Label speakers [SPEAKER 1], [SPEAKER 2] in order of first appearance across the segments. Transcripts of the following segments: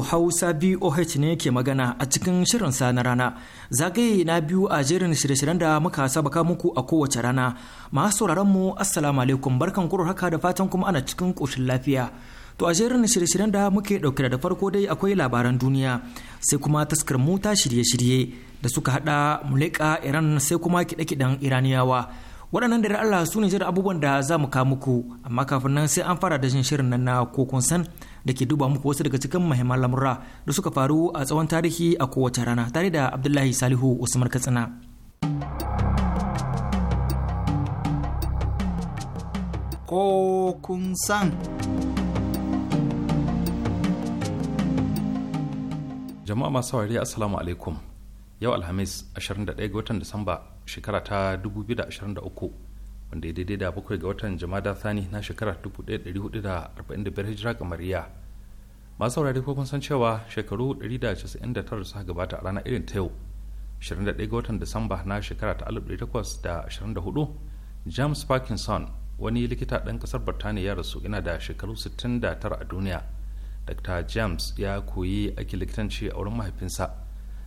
[SPEAKER 1] Hausa BOH ne ke magana a cikin shirin sa na rana. Zagaye na biyu a jerin shirye-shiryen da muka sabaka muku a kowace rana. Masu sauraron mu Assalamu alaikum barkan kuro haka da fatan kuma ana cikin ƙoshin lafiya. To a jerin shirye-shiryen da muke ɗauke da farko dai akwai labaran duniya sai kuma taskar muta shirye-shirye da suka haɗa muleka Iran sai kuma kiɗe-kiɗen Iraniyawa. waɗannan dare Allah su ne jira abubuwan da za mu kawo muku amma kafin nan sai an fara da jin shirin nan na kokon san da ke duba muku wasu daga cikin muhimman lamura da suka faru a tsawon tarihi a kowace rana tare da Abdullahi Salihu Usman Katsina.
[SPEAKER 2] Ko kun san.
[SPEAKER 3] Jama'a masu saurari Assalamu alaikum. Yau Alhamis 21 ga watan Disamba shekara ta 2023 wanda ya daidai da bakwai ga watan jama'a thani na shekara 1445 hijira kamariya masu saurari ko kun san cewa shekaru 199 suka gabata a ranar irin ta yau 21 ga watan disamba na shekara ta 1824 james parkinson wani likita ɗan ƙasar birtaniya ya rasu yana da shekaru 69 a duniya dr james ya koyi aikin likitanci a wurin mahaifinsa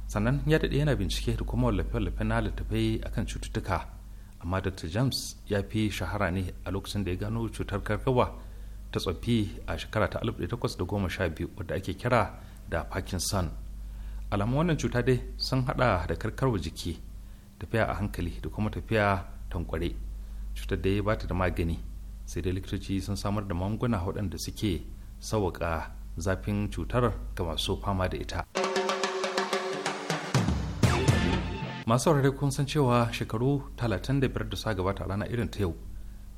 [SPEAKER 3] sannan ya daɗe yana bincike da kuma wallafe-wallafe na littattafai akan cututtuka amma dr james ya fi shahara ne a lokacin da ya gano cutar karkawa ta tsofi a shekara ta 1812 wadda ake kira da parkinson alamun wannan cuta dai sun hada da karkarwa jiki tafiya a hankali da kuma tafiya tankware cutar da ya ta da magani sai dai likitoci sun samar da manguna waɗanda suke sauwaka zafin cutar ga masu fama da ita. masu saurare kun san cewa shekaru 35 da sa gabata rana irin ta yau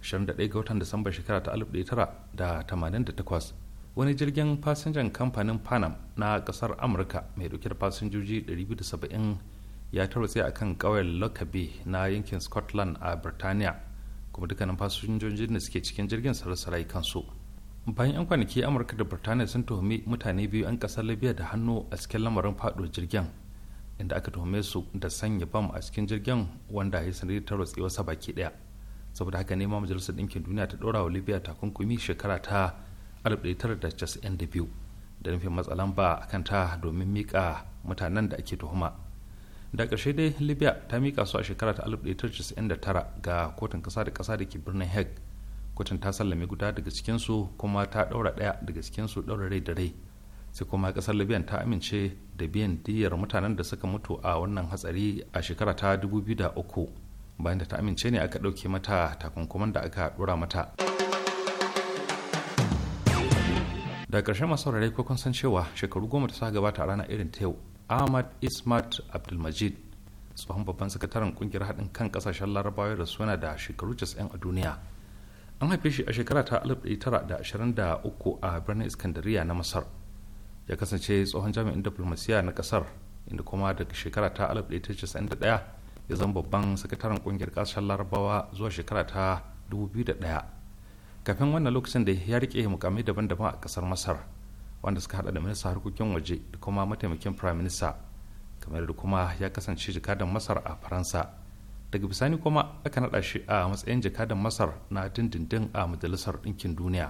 [SPEAKER 3] 21 ga watan disamba shekara ta 1988 wani jirgin fasinjan kamfanin panam na kasar amurka mai dauke da fasinjoji 270 ya tarwatse a kan ƙauyen lokabe na yankin scotland a birtaniya kuma dukkanin fasinjojin da suke cikin jirgin sarasarai kansu bayan 'yan kwanaki amurka da birtaniya sun tuhumi mutane biyu 'yan kasar libya da hannu a cikin lamarin faɗo jirgin inda aka tuhume su da sanya bam a cikin jirgin wanda ya sanar ta rotsi wasa baki daya saboda haka ne ma majalisar ɗinkin duniya ta dora wa libya takunkumi shekara ta 1992 da nufin matsalan ba a kanta domin mika mutanen da ake tuhuma da karshe dai libya ta mika su a shekara ta 1999 ga kotun ƙasa da ƙasa da ke birnin hague kotun ta sallame guda daga cikinsu kuma ta ɗaura ɗaya daga cikinsu ɗaura rai da rai sai kuma kasar libyan ta amince da biyan diyyar mutanen da suka mutu a wannan hatsari a shekara ta 2003 bayan da ta amince ne aka ɗauke mata takunkuman da aka ɗora mata da ƙarshen masu saurare ko kun san cewa shekaru goma ta sa gabata a ranar irin ta yau ahmad ismat abdulmajid tsohon babban sakataren kungiyar haɗin kan ƙasashen larabawa da suna da shekaru 90 a duniya an haife shi a shekara ta 1923 a birnin iskandariya na masar ya kasance tsohon jami'in diplomasiya na kasar inda kuma daga shekara ta 1991 ya zama babban sakataren kungiyar kasashen larabawa zuwa shekara ta 2001 kafin wannan lokacin da ya rike mukamai daban-daban a kasar masar wanda suka hada da minista harkokin waje da kuma mataimakin prime minister kamar da kuma ya kasance jakadan masar a faransa daga bisani kuma aka nada shi a matsayin jakadan masar na dindindin a majalisar ɗinkin duniya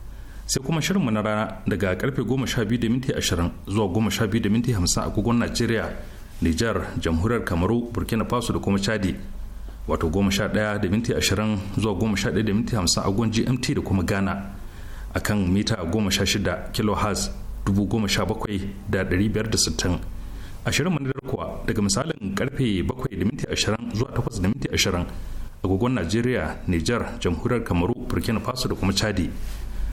[SPEAKER 3] sai kuma shirinmu na rana daga karfe 12:20 zuwa 12:50 a kogon Najeriya, Nijar, Jamhuriyar Kamaru, Burkina Faso da kuma Chadi. Wato 11:20 zuwa 11:50 a agogon GMT da kuma Ghana. a kan mita 16 kHz 17,560 A shirinmu na kuwa daga misalin karfe 7:20 zuwa 8:20 agogon Najeriya, Nijar, Jamhuriyar Kamaru, Burkina Faso da kuma Chadi.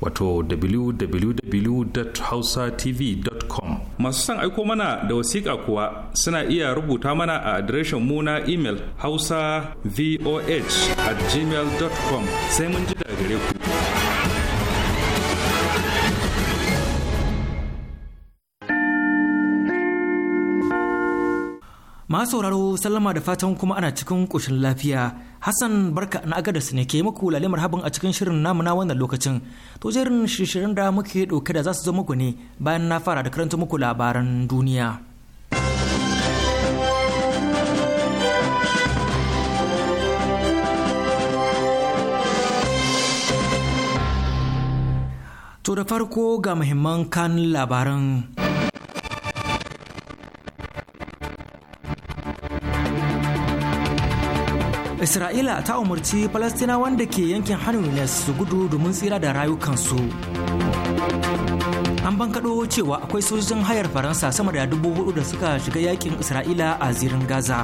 [SPEAKER 3] wato www.hausatv.com masu son aiko mana da wasiƙa kuwa suna iya rubuta mana a adireshin mu na imel hausa voh at gmail.com sai mun ji da gare ku
[SPEAKER 1] masu sauraro sallama da fatan kuma ana cikin ƙoshin lafiya Hassan barka na su ne ke muku lalle marhaban a cikin shirin namu na wannan lokacin. To jerin shirin da muke ɗauke da zasu su zo muku ne bayan na fara da karanta muku labaran duniya. To da farko ga muhimman kan labaran isra'ila ta umarci falastinawan da ke yankin hannun su gudu domin tsira da rayukansu an bankaɗo cewa akwai sojojin hayar faransa sama da dubu hudu da suka shiga yakin isra'ila a zirin gaza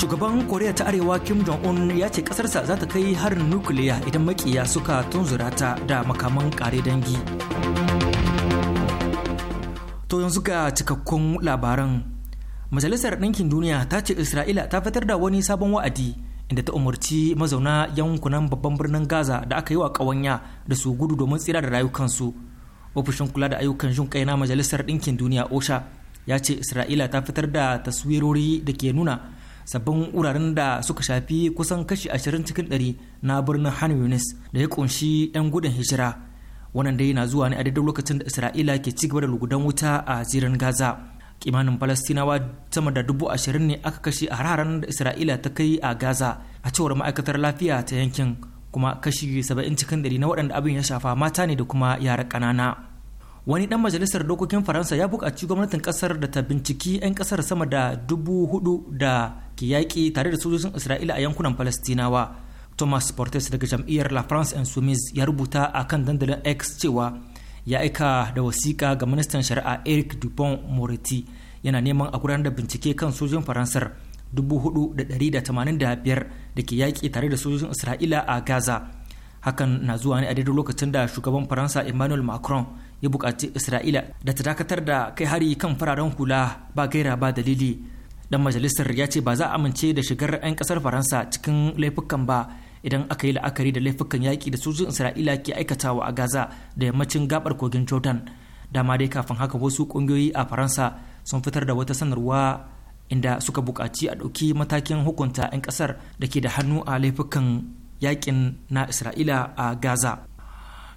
[SPEAKER 1] shugaban koriya ta arewa kim jong-un ya ce ƙasarsa za ta kai harin nukiliya idan makiya suka tunzura ta da makaman kare dangi to yanzu ga cikakkun labaran majalisar ɗinkin duniya ta ce isra'ila ta fitar da wani sabon wa'adi inda ta umarci mazauna yankunan babban birnin gaza da aka yi wa ƙawanya da su gudu domin tsira da rayukansu ofishin kula da ayyukan jin kai na majalisar ɗinkin duniya osha ya ce isra'ila ta fitar da taswirori da ke nuna sabbin wuraren da suka shafi kusan kashi ashirin cikin ɗari na birnin han yunis da ya kunshi 'yan gudun hijira wannan dai na zuwa ne a daidai lokacin da isra'ila ke ci gaba da lugudan wuta a zirin gaza kimanin falastinawa sama da dubu ashirin ne aka kashe a hararen da isra'ila ta kai a gaza a cewar ma'aikatar lafiya ta yankin kuma kashi saba'in cikin dari na waɗanda abin ya shafa mata ne da kuma yara ƙanana wani ɗan majalisar dokokin faransa ya buƙaci gwamnatin ƙasar da ta binciki 'yan ƙasar sama da dubu hudu da ke yaƙi tare da sojojin isra'ila a yankunan falastinawa thomas portes daga jam'iyyar la france sumis ya rubuta a kan dandalin x cewa ya aika da wasiƙa ga ministan shari'a eric dupont moriti yana neman a gudanar da bincike kan sojin faransar 4,185 da ke yaƙi tare da sojojin isra'ila a gaza hakan na zuwa ne a daidai lokacin da shugaban faransa emmanuel macron ya buƙaci isra'ila da ta dakatar da kai hari kan fararen hula ba gaira ba dalili dan majalisar ya ce ba za a amince da shigar 'yan kasar faransa cikin laifukan ba idan aka yi la'akari da laifukan yaƙi da sojin isra'ila ke aikatawa a gaza da yammacin gabar kogin jordan dama dai kafin haka wasu ƙungiyoyi a faransa sun fitar da wata sanarwa inda suka buƙaci a ɗauki matakin hukunta 'yan ƙasar da ke da hannu a laifukan yaƙin na isra'ila a gaza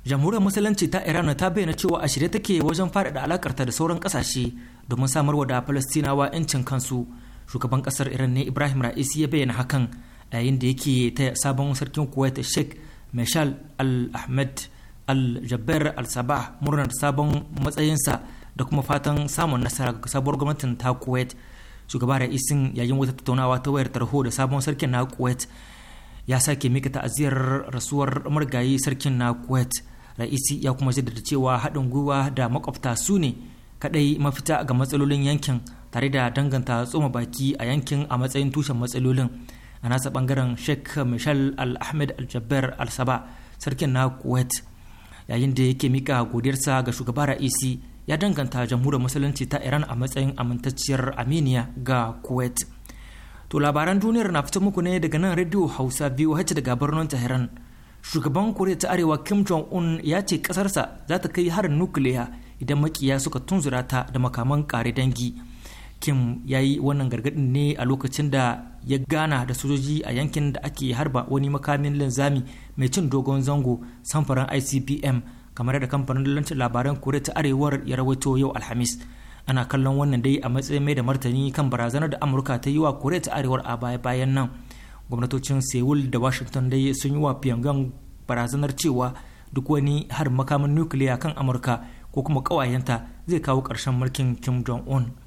[SPEAKER 1] jamhuriyar musulunci ta iran ta bayyana cewa a shirye take wajen faɗaɗa alakarta da sauran ƙasashe domin samarwa da falastinawa 'yancin kansu shugaban ƙasar iran ne ibrahim ra'isi ya bayyana hakan yayin da yake ta sabon sarkin kuwait sheikh mishal al-ahmed al-jabbar al-sabah murnar sabon matsayinsa da kuma fatan samun nasara ga sabuwar gwamnatin ta kuwait shugaba ra'isin yayin wata tattaunawa ta wayar tarho da sabon sarkin na kuwait ya sake mika ta'aziyar rasuwar marigayi sarkin na kuwait ra'isi ya kuma jaddada cewa haɗin gwiwa da makwabta su ne kaɗai mafita ga matsalolin yankin tare da danganta tsoma baki a yankin a matsayin tushen matsalolin a nasa bangaren sheikh michel al-ahmed al-jabbar al-saba sarkin na kuwait yayin da yake mika godiyarsa ga shugaba ra'isi ya danganta jamhuriyar musulunci ta iran a matsayin amintacciyar aminiya ga kuwait to labaran duniyar na fito muku ne daga nan radio hausa biyu daga birnin tehran shugaban koriya ta arewa kim jong un ya ce kasarsa za ta kai harin nukiliya idan makiya suka tunzura ta da makaman kare dangi Kim ya yi wannan gargaɗin ne a lokacin da ya gana da sojoji a yankin da ake harba wani makamin linzami mai cin dogon zango samfuran ICBM kamar da kamfanin lantarki labaran kore ta arewar ya rawaito yau Alhamis. Ana kallon wannan dai a matsayin mai da martani kan barazanar da Amurka ta yi wa kore ta arewar a baya-bayan nan. Gwamnatocin sewul da Washington dai sun yi wa Pyongyang barazanar cewa duk wani har makamin nukiliya kan Amurka ko kuma ƙawayenta zai kawo ƙarshen mulkin Kim Jong-un.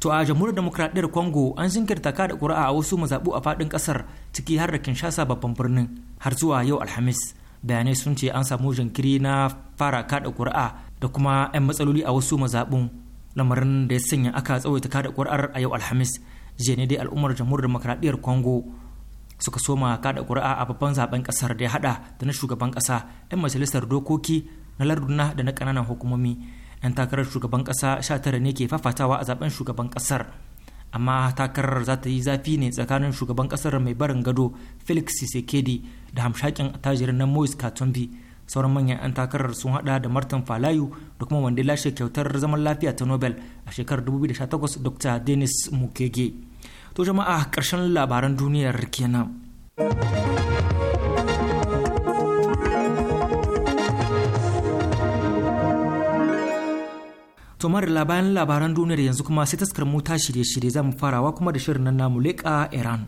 [SPEAKER 1] to a jamhuriyar demokradiyyar congo an jinkirta kada kuri'a a wasu mazabu a faɗin kasar ciki har da kinshasa babban birnin har zuwa yau alhamis bayanai sun ce an samu jinkiri na fara kada kuri'a da kuma 'yan matsaloli a wasu mazabun lamarin da ya sanya aka tsawaita kada kuri'ar a yau alhamis jiya ne dai al'ummar jamhuriyar demokradiyyar congo suka soma kada kuri'a a babban zaben kasar da ya hada da na shugaban kasa 'yan majalisar dokoki na larduna da na kananan hukumomi 'yan takarar shugaban ƙasa 19 ne ke fafatawa a zaben shugaban kasar amma takarar za ta yi zafi ne tsakanin shugaban kasar mai barin gado felix sisekedi da hamshakin attajirin na moise katumbi sauran manyan 'yan takarar sun hada da martin falayu da kuma wanda lashe kyautar zaman lafiya ta nobel a shekarar 2018 dr denis mukege to jama'a ƙarshen labaran duniyar kenan To marila bayan labaran duniyar yanzu kuma sai taskar mu ta shirye-shirye zamu farawa kuma da shirin nan namu leƙa Iran.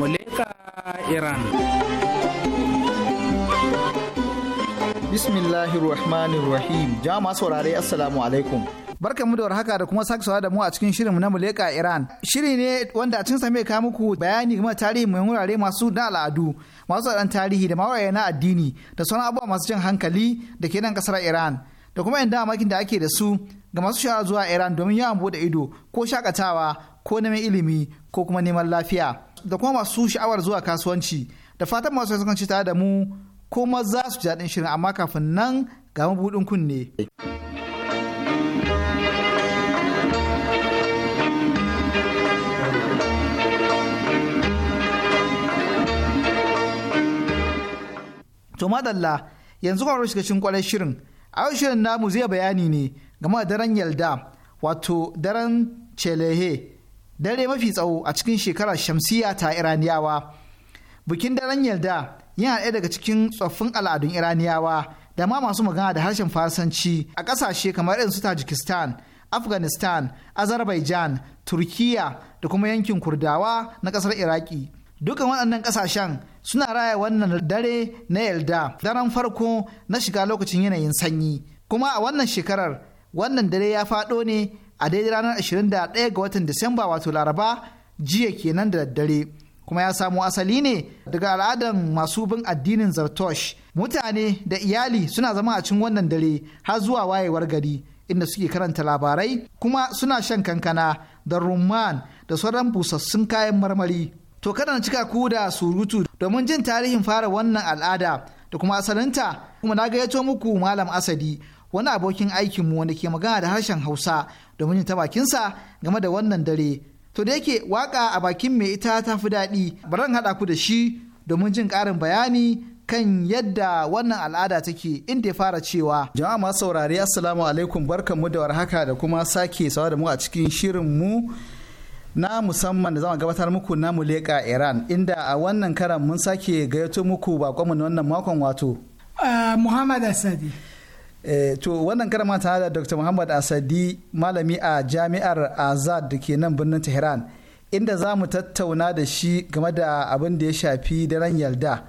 [SPEAKER 1] Muleka Iran.
[SPEAKER 2] Bismillahirrahmanirrahim. Jama'a saurare Assalamu alaikum. Barka mu da warhaka da kuma sake da mu a cikin shirinmu na Muleka Iran. Shiri ne wanda a cikin sa mai kawo muku bayani game da tarihi mai wurare masu da al'adu, masu tsaron tarihi da mawaye na addini da sauran abubuwa masu jan hankali da ke nan kasar Iran. Da kuma yan damakin da ake da su ga masu shara zuwa Iran domin yawan bude ido ko shakatawa ko neman ilimi ko kuma neman lafiya. Da kuma masu sha'awar zuwa kasuwanci da fatan masu sun ci tare da mu ko za su ji daɗin shirin amma kafin nan ga mabuɗin kunne. To madalla yanzu kwaro shiga cikin kwarar shirin. A yau shirin namu zai bayani ne game da daren yalda wato daren celehe dare mafi tsawo a cikin shekarar shamsiya ta Iraniyawa. Bikin daren yalda yana ɗaya daga cikin tsoffin al'adun Iraniyawa da ma masu magana da harshen Farsanci a ƙasashe kamar irin su Tajikistan, Afghanistan, Azerbaijan, Turkiya da kuma yankin Kurdawa na ƙasar Iraki. Dukan waɗannan ƙasashen suna raya wannan dare na yalda daren farko na shiga lokacin yanayin sanyi kuma a wannan shekarar wannan dare ya faɗo ne a daidai ranar 21 ga watan disamba wato laraba jiya kenan da daddare kuma ya samo asali ne daga al'adar masu bin addinin zartosh mutane da iyali suna zama a cikin wannan dare har zuwa wayewar gari inda suke karanta labarai kuma suna shan kankana da rumman da sauran busassun kayan marmari to kada na cika ku da surutu domin jin tarihin fara wannan al'ada da kuma asalinta kuma na gayyato muku malam asadi wani abokin aikin mu wanda ke magana da harshen hausa domin yin ta bakinsa game da wannan dare to da yake waka a bakin mai ita ta fi daɗi baran haɗa ku da shi domin jin ƙarin bayani kan yadda wannan al'ada take inda ya fara cewa jama'a masu saurari assalamu alaikum barkanmu da warhaka da kuma sake sawa da mu a cikin shirin mu na musamman da zama gabatar muku na muleka Iran inda a wannan karan mun sake gayyato muku bakonmu na wannan makon wato. Ah, Muhammad Asadi. Eh, to wannan karan ma tare da Dr. Muhammad Asadi malami a jami'ar Azad da ke nan birnin Tehran inda za mu tattauna da shi game da abin da ya shafi daren yalda.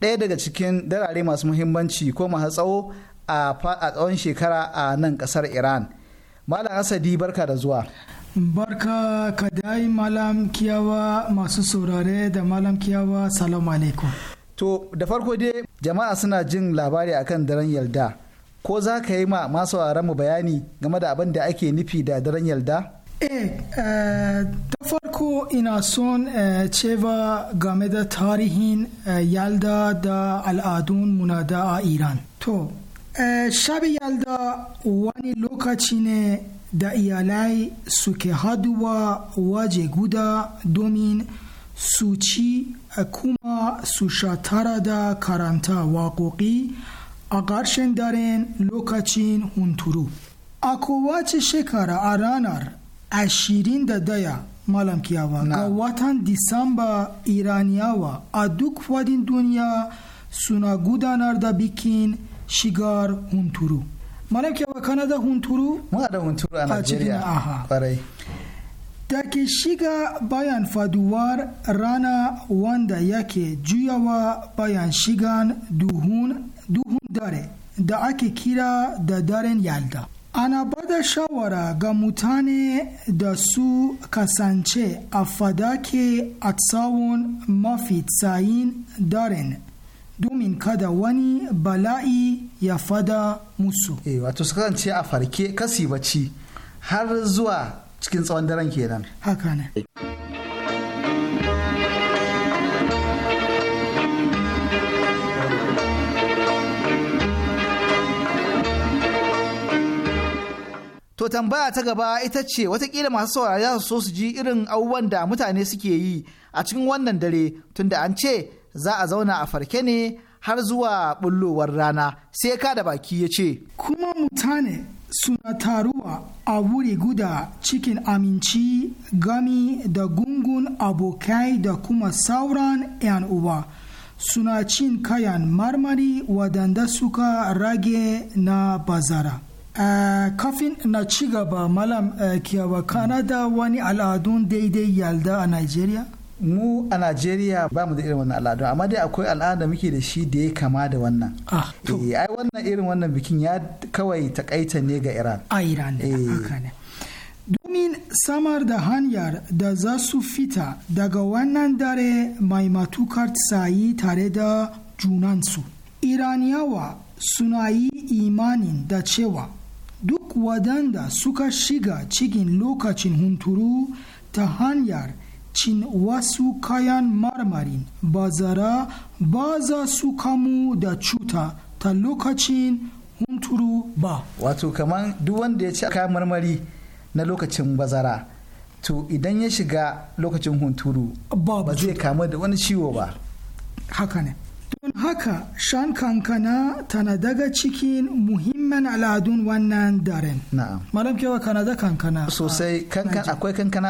[SPEAKER 2] Ɗaya daga cikin darare masu muhimmanci ko masu tsawo a tsawon shekara a nan ƙasar Iran. Malam Asadi barka da zuwa. Barka ka dai malam kiyawa masu saurare da malam kiyawa salamu alaikum. To da farko dai jama'a suna jin labari akan daren yalda, Ko za ka yi ma masu mu bayani game da abin da ake nufi da daren yalda?
[SPEAKER 4] Eh, eh da farko ina son eh, cewa game da tarihin eh, yalda da al'adun munada a Iran. To, shabi yalda wani lokaci ne da iyalai suke haduwa waje guda domin su ci kuma su shatara da karanta waƙoƙi a ƙarshen daren lokacin hunturu a kowace shekara a ranar daya malam kiyawa ga watan disamba iraniyawa a duk fadin duniya suna gudanar da bikin shigar hunturu mana wa kanada da hunturu muna da hunturu a Najeriya kwarai da ke shiga bayan faduwar rana wanda yake juyawa bayan shigan duhun dare da ake kira da daren yalda ana bada shawara ga mutane da su kasance a fadake a tsawon mafi tsayin daren
[SPEAKER 2] domin kada wani bala'i ya fada musu. E, wato su kasance a farke kasi bacci har zuwa cikin tsawon daren kenan. Haka ne. To tambaya ta gaba ita ce watakila masu saurari za su so su ji irin abubuwan da mutane suke yi a cikin wannan dare tunda an ce za a zauna a farke ne har zuwa bullowar rana sai ka da baki ya ce kuma mutane
[SPEAKER 4] suna taruwa a wuri guda
[SPEAKER 2] cikin aminci gami
[SPEAKER 4] da gungun abokai da kuma sauran 'yan uba suna cin kayan marmari wadanda suka rage na bazara eh, kafin na ci gaba malam uh, eh, kiyawa kanada wani al'adun
[SPEAKER 2] daidai yalda a nigeria mu a najeriya ba mu da irin wannan al'adu amma dai akwai al'ada muke da shi da ya kama da wannan ah, eh ai wannan irin wannan bikin ya kawai takaita ne ga iran a iran eh. ne
[SPEAKER 4] domin samar da hanyar da za su fita daga wannan dare mai matukar tsayi tare da junansu iraniyawa suna yi imanin da cewa duk wadanda suka shiga cikin lokacin hunturu ta hanyar cin wasu kayan marmari bazara zara ba
[SPEAKER 2] za su kamu da cuta ta lokacin hunturu ba wato kamar duk wanda ya ci kayan marmari na lokacin bazara to idan ya shiga lokacin hunturu ba zai kamu da wani ciwo ba haka
[SPEAKER 4] don haka shan kankana tana daga cikin muhimman al'adun
[SPEAKER 2] wannan daren na'am malam kewa kana da kankana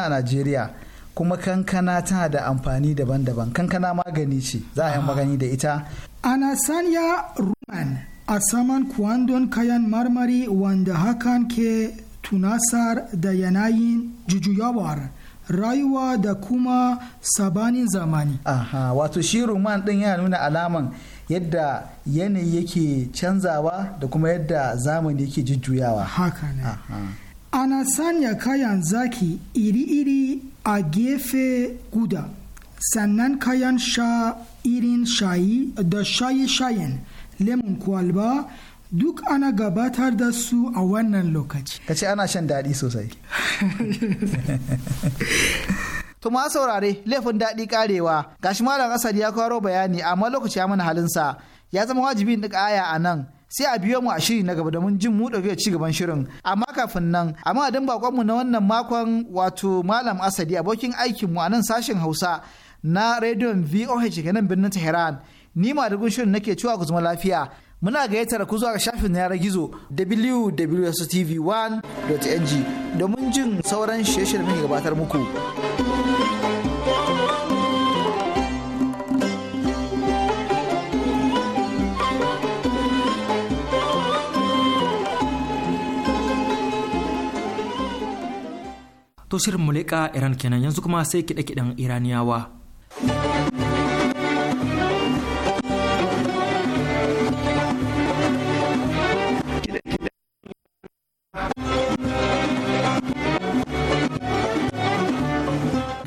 [SPEAKER 2] a najeriya kuma kankana tana da amfani daban-daban kankana magani ce za a yi magani da ita Ana sanya ruman a saman kwandon kayan marmari wanda
[SPEAKER 4] hakan ke tunasar da yanayin jujuyawar
[SPEAKER 2] rayuwa da kuma sabanin zamani aha wato shi ruman din ya nuna alaman yadda yanayi yake canzawa da kuma yadda zamani yake jujjuyawa haka
[SPEAKER 4] ana sanya kayan zaki iri-iri a gefe guda sannan kayan sha irin shayi da shayi shayin lemon kwalba duk ana gabatar da su
[SPEAKER 2] a wannan lokaci ka ce ana shan daɗi sosai to ma saurare laifin daɗi ƙarewa, gashi malam asali ya kwaro bayani amma lokaci ya mana halinsa ya zama wajibi duk aya a nan sai a biyo mu a shiri na gaba da mun jin mu dauke ci gaban shirin amma kafin nan amma dan bakon mu na wannan makon wato malam asadi abokin aikin mu a nan sashen hausa na rediyon VOH nan birnin Tehran ni ma da shirin nake cewa ku zama lafiya muna gayyatar ku zuwa ga shafin na yara gizo wwwtv ng domin jin sauran shirye-shiryen da gabatar muku.
[SPEAKER 1] to shirin muleka iran kenan yanzu kuma sai kiɗe-kiɗen iraniyawa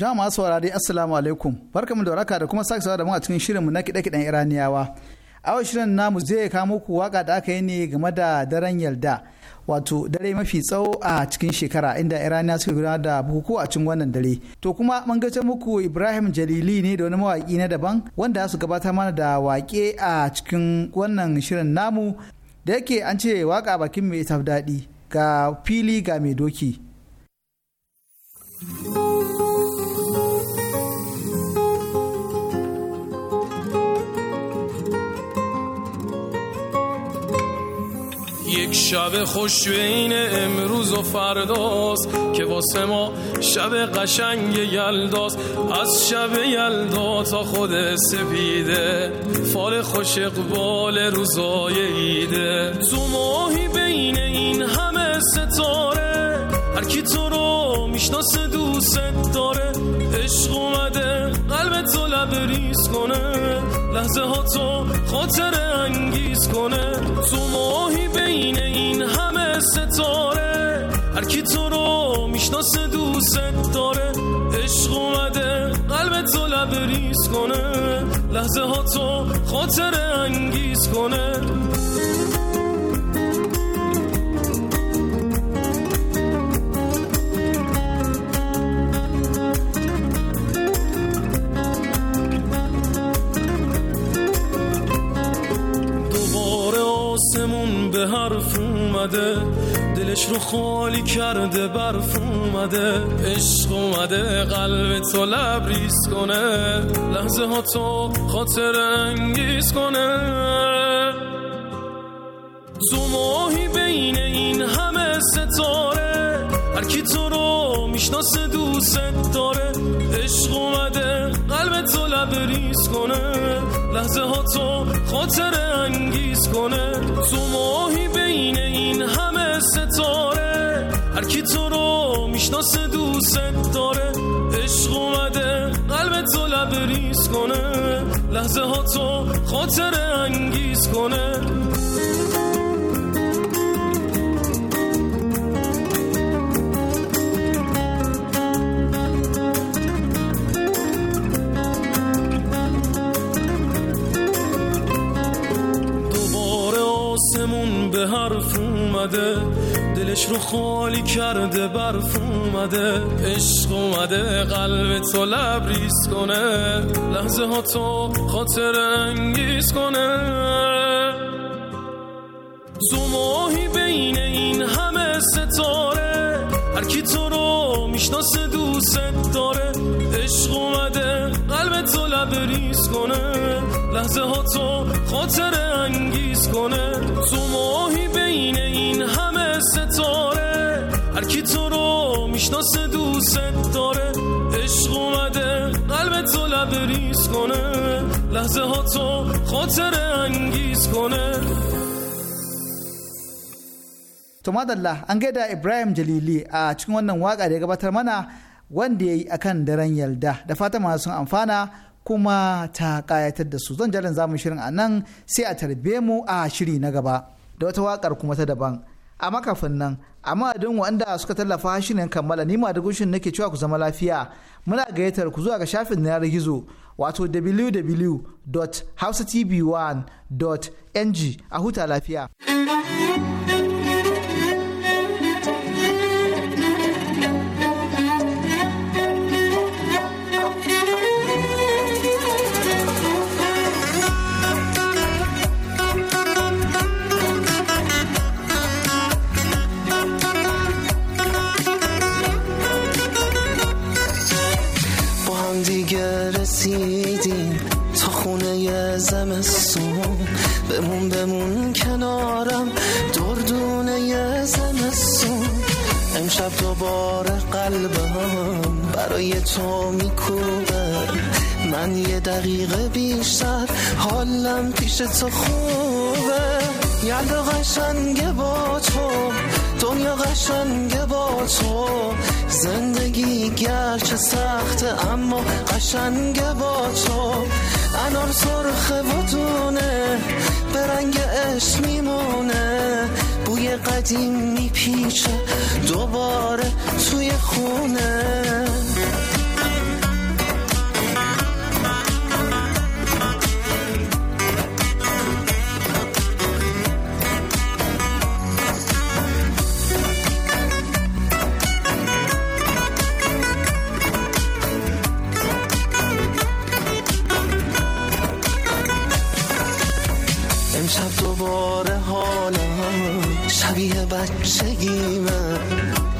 [SPEAKER 2] Jama'a masu saurari Assalamu alaikum. Barkamu da waraka da kuma sake da mu a cikin shirinmu na kiɗe-kiɗen Iraniyawa. Awon shirin namu zai kawo muku waka da aka yi ne game da daren yalda wato dare mafi tsawo a cikin shekara inda iraniya suka gudanar da bukukuwa a cikin wannan dare to kuma mun gace muku ibrahim jalili ne da wani mawaki na daban wanda su gabatar mana da waƙe a cikin wannan shirin namu da yake an ce waƙa bakin mai taf daɗi ga fili ga mai doki.
[SPEAKER 5] یک شب خوش بین امروز و فرداست که واسه ما شب قشنگ یلداست از شب یلدا تا خود سپیده فال خوش اقبال روزای ایده تو ماهی بین این همه ستاره هر تو رو میشناسه دوست داره عشق اومده قلبت تو لبریز کنه لحظه ها تو خاطر انگیز کنه تو ماهی بین این همه ستاره هر کی تو رو میشناسه دوست داره عشق اومده قلب تو لبریز کنه لحظه ها تو خاطر انگیز کنه اومده دلش رو خالی کرده برف اومده عشق اومده قلب تو لبریز کنه لحظه ها تو خاطر انگیز کنه تو ماهی بین این همه ستاره هر کی تو رو میشناسه دوست داره عشق اومده قلب تو لبریز کنه لحظه ها تو خاطر انگیز کنه تو ماهی بین این همه ستاره هر کی تو رو میشناسه دوست داره عشق اومده قلب تو لبریز کنه لحظه ها تو خاطر انگیز کنه حرف اومده دلش رو خالی کرده برف اومده عشق اومده قلب تو لبریز کنه لحظه ها تو خاطر انگیز کنه ماهی بین این همه ستاره هر تو رو میشناسه دوست داره عشق اومده دریز کنه لحظه ها تو خاطر انگیز کنه تو ماهی بین این همه ستاره هر کی تو رو میشناسه دوست داره عشق اومده قلب تو لبریز کنه لحظه ها تو خاطر انگیز کنه
[SPEAKER 2] To madalla an gaida Ibrahim Jalili a cikin wannan waka da ya gabatar mana wanda ya yi akan daren yalda da fata masu amfana kuma ta kayatar da su zan jarin zamu shirin a nan sai a tarbe mu a shiri na gaba da wata wakar kuma ta daban a makafin nan a madadin wanda suka tallafa shirin kammala ni da gushin nake cewa ku zama lafiya muna gayyatar ku zuwa ga shafin na yanar gizo wato www.hausatv1.ng a huta lafiya.
[SPEAKER 6] قشنگه با تو دنیا قشنگه با تو زندگی گرچه سخته اما قشنگه با تو انار سرخه و دونه به رنگ عشق میمونه بوی قدیم میپیچه دوباره توی خونه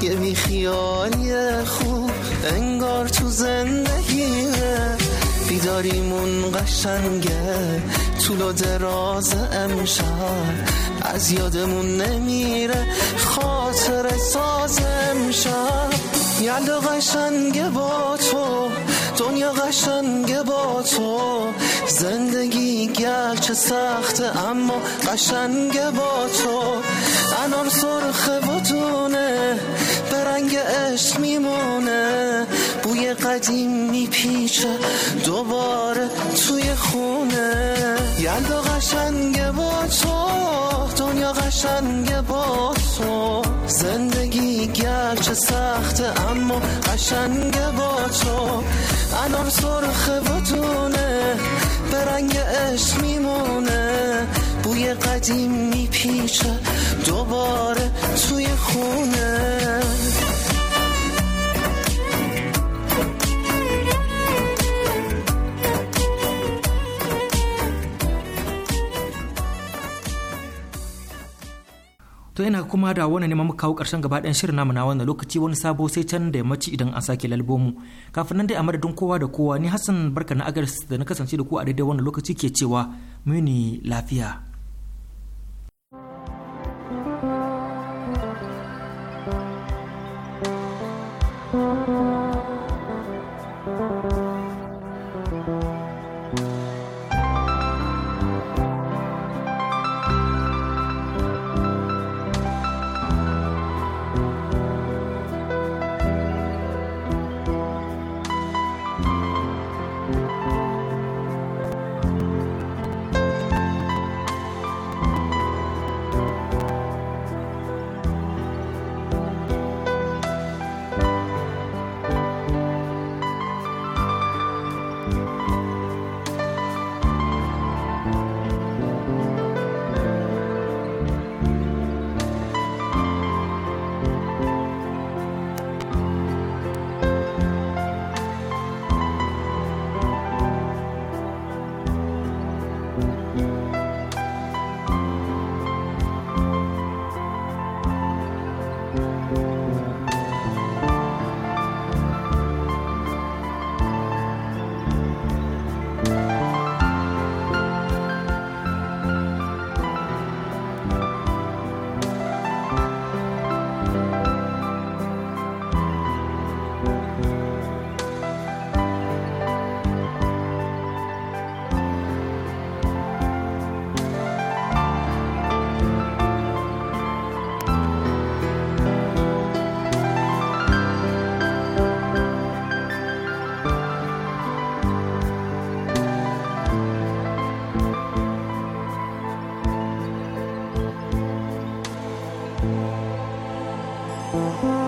[SPEAKER 6] یه بیخیالی خوب انگار تو زندگیمه بیداریمون قشنگه طول و دراز امشب از یادمون نمیره خاطر ساز امشب یاد قشنگه با تو دنیا قشنگه با تو زندگی گرچه سخته اما قشنگه با تو انار سرخه و دونه به رنگ عشق میمونه بوی قدیم میپیچه دوباره توی خونه یلدا قشنگه با تو دنیا قشنگه با تو زندگی گرچه سخته اما قشنگه با تو الان سرخ بتونه به رنگ عشق میمونه بوی قدیم میپیچه دوباره توی خونه
[SPEAKER 1] to ina kuma da wani neman muka kawo karshen gaba ɗayan shirin namu na wannan lokaci wani sabo sai can da yammaci idan an sake lalbomu kafin nan dai a madadin kowa da kowa ni hassan barka na agaris da na kasance da ku a daidai wannan lokaci ke cewa muni lafiya
[SPEAKER 7] Thank you.